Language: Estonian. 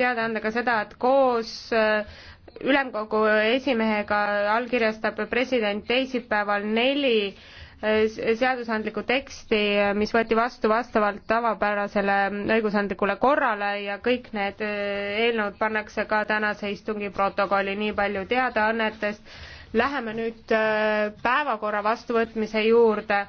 teada anda ka seda, et koos äh, ülemkogu esimehega allkirjastab president teisipäeval neli äh, seadusandlikku teksti, äh, mis võeti vastu vastavalt tavapärasele õigusandlikule korrale ja kõik need eelnõud pannakse ka tänase istungi protokolli, nii palju teadaannetest. Läheme nüüd päevakorra vastuvõtmise juurde